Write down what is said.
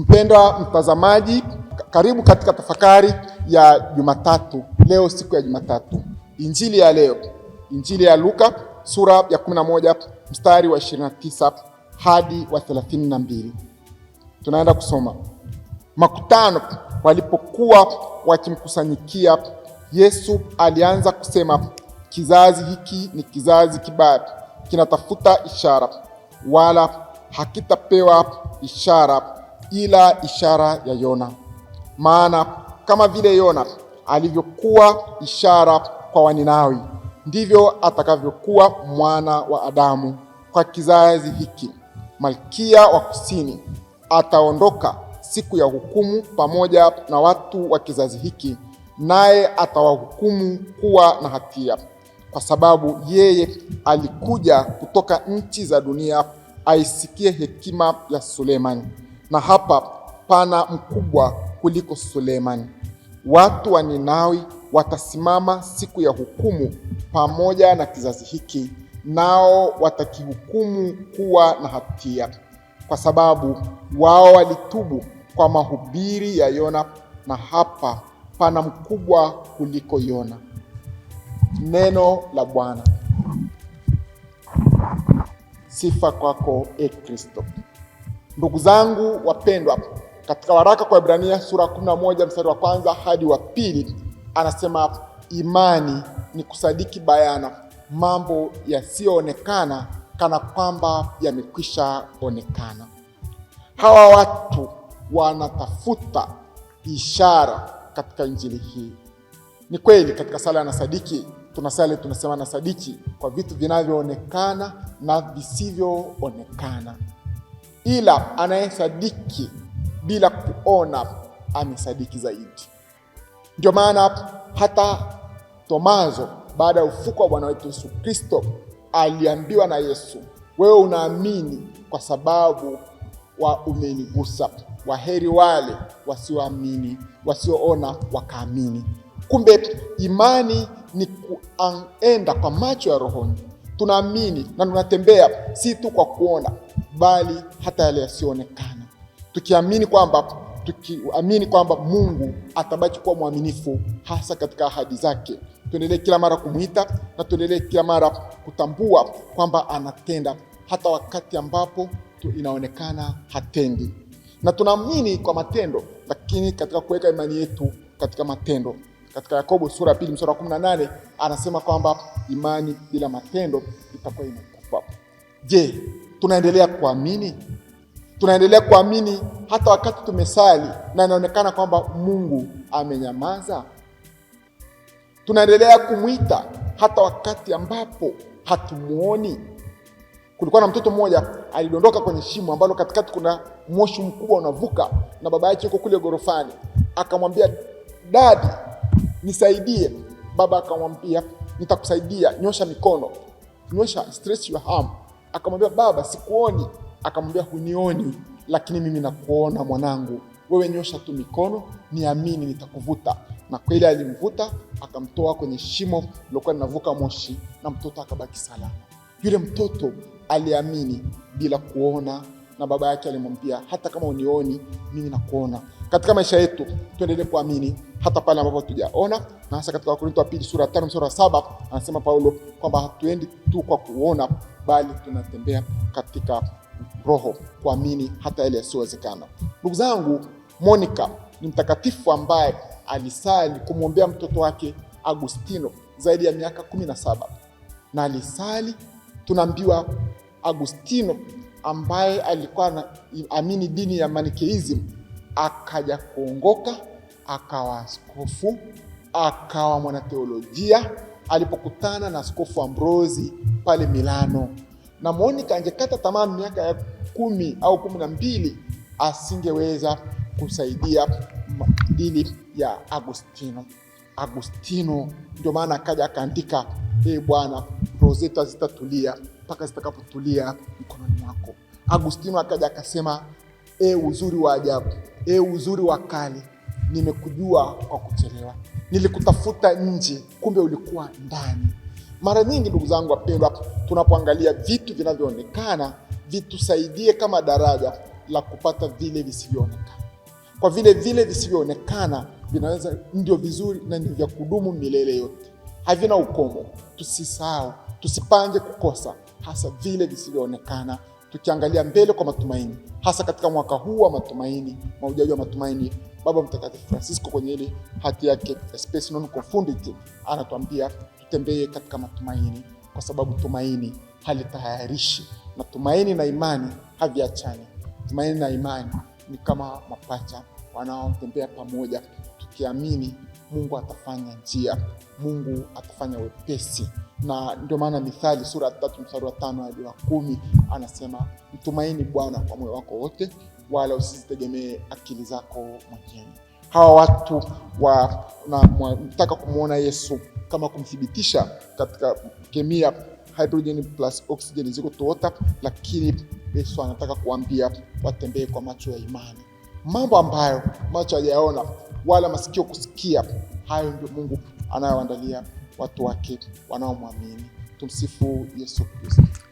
Mpendwa mtazamaji, karibu katika tafakari ya Jumatatu. Leo siku ya Jumatatu, injili ya leo, injili ya Luka sura ya 11 mstari wa 29 hadi wa 32. Tunaenda kusoma. Makutano walipokuwa wakimkusanyikia Yesu, alianza kusema, kizazi hiki ni kizazi kibaya, kinatafuta ishara, wala hakitapewa ishara ila ishara ya Yona. Maana kama vile Yona alivyokuwa ishara kwa Waninawi, ndivyo atakavyokuwa mwana wa Adamu kwa kizazi hiki. Malkia wa Kusini ataondoka siku ya hukumu pamoja na watu wa kizazi hiki, naye atawahukumu kuwa na hatia, kwa sababu yeye alikuja kutoka nchi za dunia aisikie hekima ya Sulemani na hapa pana mkubwa kuliko Sulemani. Watu wa Ninawi watasimama siku ya hukumu pamoja na kizazi hiki, nao watakihukumu kuwa na hatia, kwa sababu wao walitubu kwa mahubiri ya Yona, na hapa pana mkubwa kuliko Yona. Neno la Bwana. Sifa kwako, e Kristo. Ndugu zangu wapendwa, katika waraka kwa Ibrania sura 11 mstari wa kwanza hadi wa pili anasema imani ni kusadiki bayana mambo yasiyoonekana kana kwamba yamekwisha onekana. Hawa watu wanatafuta ishara katika injili hii. Ni kweli katika sala ya Nasadiki tunasali tunasema, nasadiki kwa vitu vinavyoonekana na visivyoonekana ila anayesadiki bila kuona amesadiki zaidi. Ndio maana hata Tomazo baada ya ufuko wa Bwana wetu Yesu Kristo aliambiwa na Yesu, wewe unaamini kwa sababu wa umenigusa, waheri wale wasioamini, wasioona wakaamini. Kumbe imani ni kuenda kwa macho ya rohoni, tunaamini na tunatembea si tu kwa kuona bali hata yale yasiyoonekana, tukiamini kwamba tukiamini kwamba Mungu atabaki kuwa mwaminifu hasa katika ahadi zake. Tuendelee kila mara kumwita na tuendelee kila mara kutambua kwamba anatenda hata wakati ambapo inaonekana hatendi, na tunaamini kwa matendo, lakini katika kuweka imani yetu katika matendo. Katika Yakobo sura ya pili mstari wa 18 anasema kwamba imani bila matendo itakuwa imekufa. Je, tunaendelea kuamini, tunaendelea kuamini hata wakati tumesali na inaonekana kwamba Mungu amenyamaza. Tunaendelea kumwita hata wakati ambapo hatumwoni. Kulikuwa na mtoto mmoja alidondoka kwenye shimo ambalo katikati kuna moshi mkubwa unavuka, na baba yake yuko kule gorofani. Akamwambia, dadi, nisaidie. Baba akamwambia, nitakusaidia, nyosha mikono, nyosha, stretch your arm Akamwambia, baba, sikuoni. Akamwambia, hunioni, lakini mimi nakuona mwanangu, wewe nyosha tu mikono, niamini, nitakuvuta. Na kweli alimvuta, akamtoa kwenye shimo lilokuwa linavuka moshi, na mtoto akabaki salama. Yule mtoto aliamini bila kuona, na baba yake alimwambia, hata kama unioni, mimi nakuona. Katika maisha yetu tuendelee kuamini hata pale ambapo tujaona, na hasa katika Wakorintho wa pili sura ya tano sura ya saba anasema Paulo kwamba hatuendi tu kwa kuona bali tunatembea katika roho kuamini hata yale yasiyowezekana. Ndugu zangu, Monica ni mtakatifu ambaye alisali kumwombea mtoto wake Agustino zaidi ya miaka kumi na saba na alisali, tunaambiwa Agustino ambaye alikuwa anaamini dini ya Manikeism akaja kuongoka, akawa askofu, akawa mwanateolojia alipokutana na Askofu Ambrosi pale Milano, na Monica angekata tamaa miaka ya kumi au kumi na mbili asingeweza kusaidia dini ya Agustino. Agustino ndio maana akaja akaandika, e Bwana, roho zetu hazitatulia mpaka zitakapotulia mkononi mwako. Agustino akaja akasema, e uzuri wa ajabu, e uzuri wa kali, nimekujua kwa kuchelewa, nilikutafuta nje, kumbe ulikuwa ndani. Mara nyingi, ndugu zangu wapendwa, tunapoangalia vitu vinavyoonekana vitusaidie kama daraja la kupata vile visivyoonekana, kwa vile vile visivyoonekana vinaweza ndio vizuri na ndio vya kudumu milele yote, havina ukomo. Tusisahau, tusipange kukosa, hasa vile visivyoonekana, tukiangalia mbele kwa matumaini, hasa katika mwaka huu wa matumaini, maujaji wa matumaini Baba Mtakatifu Francisco kwenye ile hati yake Spes Non Confundit anatuambia tutembee katika matumaini, kwa sababu tumaini halitayarishi na tumaini na imani haviachani. Tumaini na imani ni kama mapacha wanaotembea pamoja, tukiamini Mungu atafanya njia, Mungu atafanya wepesi. Na ndio maana Mithali sura ya tatu mstari wa tano hadi wa kumi anasema mtumaini Bwana kwa moyo wako wote wala usizitegemee akili zako mwenyewe. Hawa watu wanataka kumwona Yesu kama kumthibitisha katika kemia, hydrogen plus oxygen ziko tuota, lakini Yesu anataka kuambia watembee kwa macho ya imani. Mambo ambayo macho hayaona wala masikio kusikia, hayo ndio Mungu anayoandalia watu wake wanaomwamini. Tumsifu Yesu Kristo.